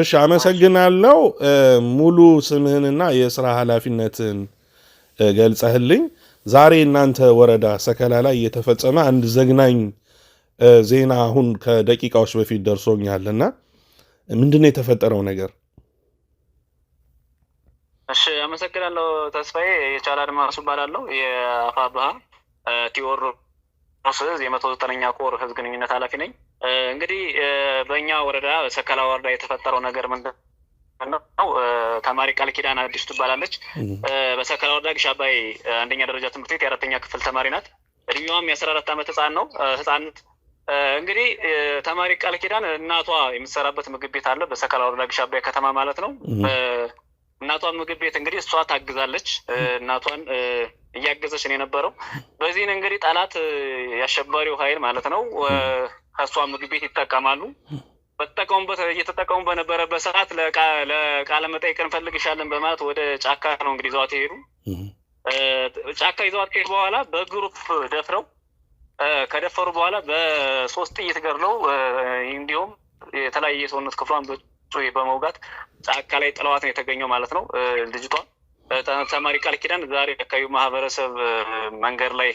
እሺ፣ አመሰግናለው ሙሉ ስምህንና የስራ ኃላፊነትን ገልጸህልኝ ዛሬ እናንተ ወረዳ ሰከላ ላይ እየተፈጸመ አንድ ዘግናኝ ዜና አሁን ከደቂቃዎች በፊት ደርሶኛልና ምንድነው የተፈጠረው ነገር? እሺ አመሰግናለሁ። ተስፋዬ የቻለ አድማሱ እባላለሁ። ቲወር ስ የመቶ ዘጠነኛ ኮር ህዝብ ግንኙነት ኃላፊ ነኝ። እንግዲህ በእኛ ወረዳ ሰከላ ወረዳ የተፈጠረው ነገር ምንድን ነው? ተማሪ ቃል ኪዳን አዲሱ ትባላለች። በሰከላ ወረዳ ግሽ አባይ አንደኛ ደረጃ ትምህርት ቤት የአራተኛ ክፍል ተማሪ ናት። እድሜዋም የአስራ አራት ዓመት ህፃን ነው ህፃነት እንግዲህ ተማሪ ቃል ኪዳን እናቷ የምትሰራበት ምግብ ቤት አለ፣ በሰከላ ወረዳ ግሽ አባይ ከተማ ማለት ነው። እናቷን ምግብ ቤት እንግዲህ እሷ ታግዛለች። እናቷን እያገዘች ነው የነበረው። በዚህን እንግዲህ ጠላት የአሸባሪው ኃይል ማለት ነው ከእሷ ምግብ ቤት ይጠቀማሉ። በተጠቀሙበት እየተጠቀሙ በነበረበት ሰዓት ለቃለ መጠይቅ እንፈልግሻለን በማለት ወደ ጫካ ነው እንግዲህ ይዘዋት ሄዱ። ጫካ ይዘዋት ከሄዱ በኋላ በግሩፕ ደፍረው ከደፈሩ በኋላ በሶስት ጥይት ገድለው እንዲሁም የተለያየ የሰውነት ክፍሏን በመውጋት ጫካ ላይ ጥለዋት ነው የተገኘው ማለት ነው። ልጅቷ ተማሪ ቃል ኪዳን ዛሬ አካባቢው ማህበረሰብ መንገድ ላይ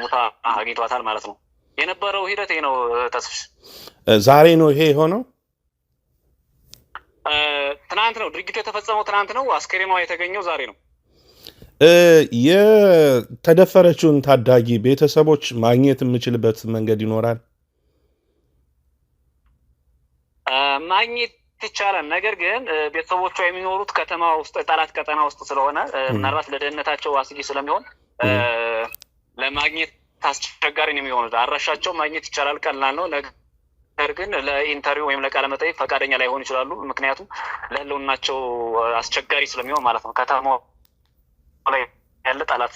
ሙታ አግኝቷታል ማለት ነው። የነበረው ሂደት ይሄ ነው። ተስፍሽ ዛሬ ነው ይሄ የሆነው። ትናንት ነው ድርጊቱ የተፈጸመው። ትናንት ነው አስከሬኗ የተገኘው። ዛሬ ነው የተደፈረችውን ታዳጊ ቤተሰቦች ማግኘት የምችልበት መንገድ ይኖራል። ማግኘት ይቻላል። ነገር ግን ቤተሰቦቿ የሚኖሩት ከተማ ውስጥ ጠላት ቀጠና ውስጥ ስለሆነ ምናልባት ለደህንነታቸው አስጊ ስለሚሆን ለማግኘት አስቸጋሪ ነው የሚሆኑት። አድራሻቸው ማግኘት ይቻላል፣ ቀላል ነው። ነገር ግን ለኢንተርቪው ወይም ለቃለ ፈቃደኛ ላይሆኑ ይችላሉ። ምክንያቱም ለህልውናቸው አስቸጋሪ ስለሚሆን ማለት ነው። ከተማ ላይ ያለ ጠላት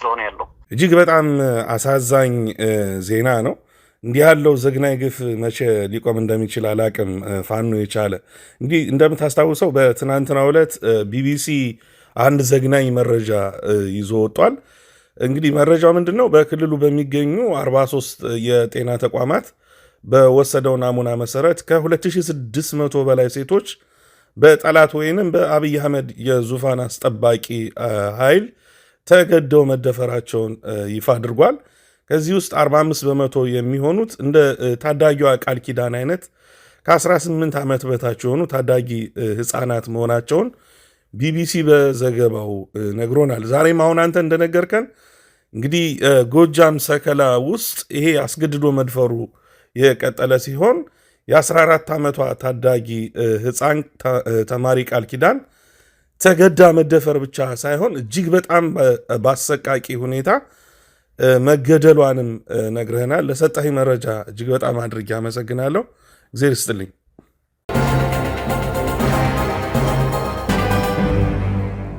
ስለሆነ ያለው እጅግ በጣም አሳዛኝ ዜና ነው። እንዲህ ያለው ዘግናይ ግፍ መቼ ሊቆም እንደሚችል አላቅም። ፋኖ የቻለ እንግዲህ እንደምታስታውሰው በትናንትናው ዕለት ቢቢሲ አንድ ዘግናኝ መረጃ ይዞ ወጧል እንግዲህ መረጃው ምንድን ነው? በክልሉ በሚገኙ 43 የጤና ተቋማት በወሰደው ናሙና መሰረት ከ2600 በላይ ሴቶች በጠላት ወይንም በአብይ አህመድ የዙፋን አስጠባቂ ኃይል ተገደው መደፈራቸውን ይፋ አድርጓል። ከዚህ ውስጥ 45 በመቶ የሚሆኑት እንደ ታዳጊዋ ቃል ኪዳን አይነት ከ18 ዓመት በታች የሆኑ ታዳጊ ህፃናት መሆናቸውን ቢቢሲ በዘገባው ነግሮናል። ዛሬም አሁን አንተ እንደነገርከን እንግዲህ ጎጃም ሰከላ ውስጥ ይሄ አስገድዶ መድፈሩ የቀጠለ ሲሆን የ14 ዓመቷ ታዳጊ ህፃን ተማሪ ቃል ኪዳን ተገዳ መደፈር ብቻ ሳይሆን እጅግ በጣም በአሰቃቂ ሁኔታ መገደሏንም ነግረህናል። ለሰጠኝ መረጃ እጅግ በጣም አድርጌ አመሰግናለሁ። እግዜር ይስጥልኝ።